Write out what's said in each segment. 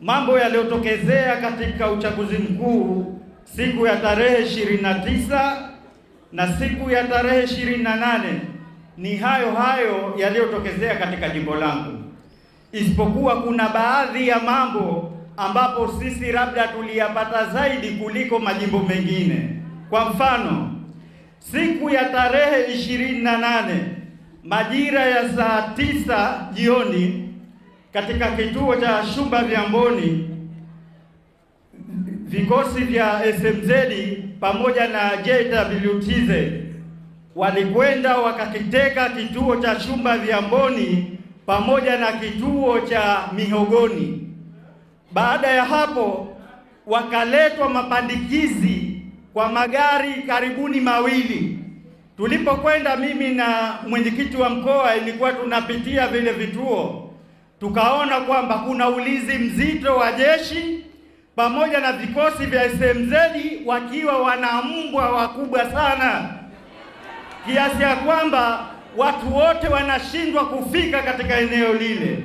mambo yaliyotokezea katika uchaguzi mkuu siku ya tarehe 29 na siku ya tarehe 28 ni hayo hayo yaliyotokezea katika jimbo langu, isipokuwa kuna baadhi ya mambo ambapo sisi labda tuliyapata zaidi kuliko majimbo mengine. Kwa mfano, siku ya tarehe 28 majira ya saa tisa jioni katika kituo cha Shumba Vyamboni, vikosi vya SMZ pamoja na JWTZ walikwenda wakakiteka kituo cha Shumba Vyamboni pamoja na kituo cha Mihogoni. Baada ya hapo, wakaletwa mapandikizi kwa magari karibuni mawili. Tulipokwenda mimi na mwenyekiti wa mkoa, ilikuwa tunapitia vile vituo tukaona kwamba kuna ulinzi mzito wa jeshi pamoja na vikosi vya SMZ wakiwa wana mbwa wakubwa sana kiasi ya kwamba watu wote wanashindwa kufika katika eneo lile.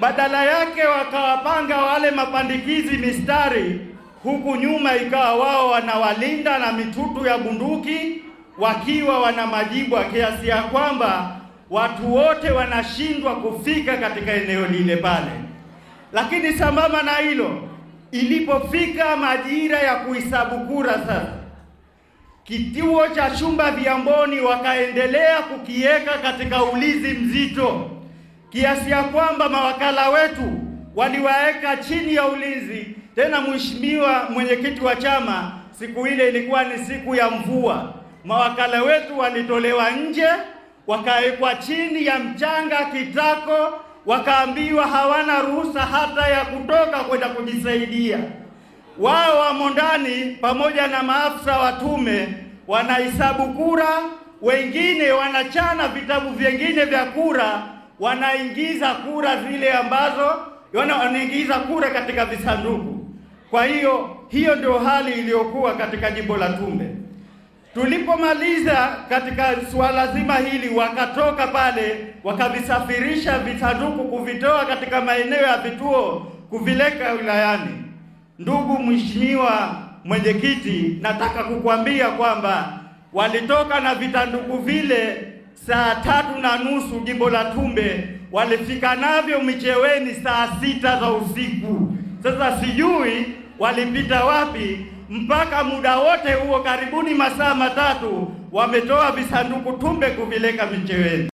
Badala yake wakawapanga wale mapandikizi mistari, huku nyuma ikawa wao wanawalinda na mitutu ya bunduki, wakiwa wana majibwa, kiasi ya kwamba watu wote wanashindwa kufika katika eneo lile pale. Lakini sambamba na hilo, ilipofika majira ya kuhesabu kura sasa, kituo cha Chumba Vyamboni wakaendelea kukiweka katika ulinzi mzito kiasi ya kwamba mawakala wetu waliwaweka chini ya ulinzi. Tena mheshimiwa mwenyekiti wa chama, siku ile ilikuwa ni siku ya mvua, mawakala wetu walitolewa nje wakawekwa chini ya mchanga kitako, wakaambiwa hawana ruhusa hata ya kutoka kwenda kujisaidia. Wao wamo ndani pamoja na maafisa wa tume, wanahesabu kura, wengine wanachana vitabu vyengine vya kura, wanaingiza kura zile ambazo wanaingiza kura katika visanduku. Kwa hiyo hiyo ndio hali iliyokuwa katika jimbo la Tumbe. Tulipomaliza katika suala zima hili, wakatoka pale wakavisafirisha visanduku kuvitoa katika maeneo ya vituo kuvileka wilayani. Ndugu mheshimiwa mwenyekiti, nataka kukuambia kwamba walitoka na vitanduku vile saa tatu na nusu jimbo la Tumbe, walifika navyo Micheweni saa sita za usiku. Sasa sijui walipita wapi mpaka muda wote huo, karibuni masaa matatu, wametoa visanduku tumbe kuvileka Micheweni.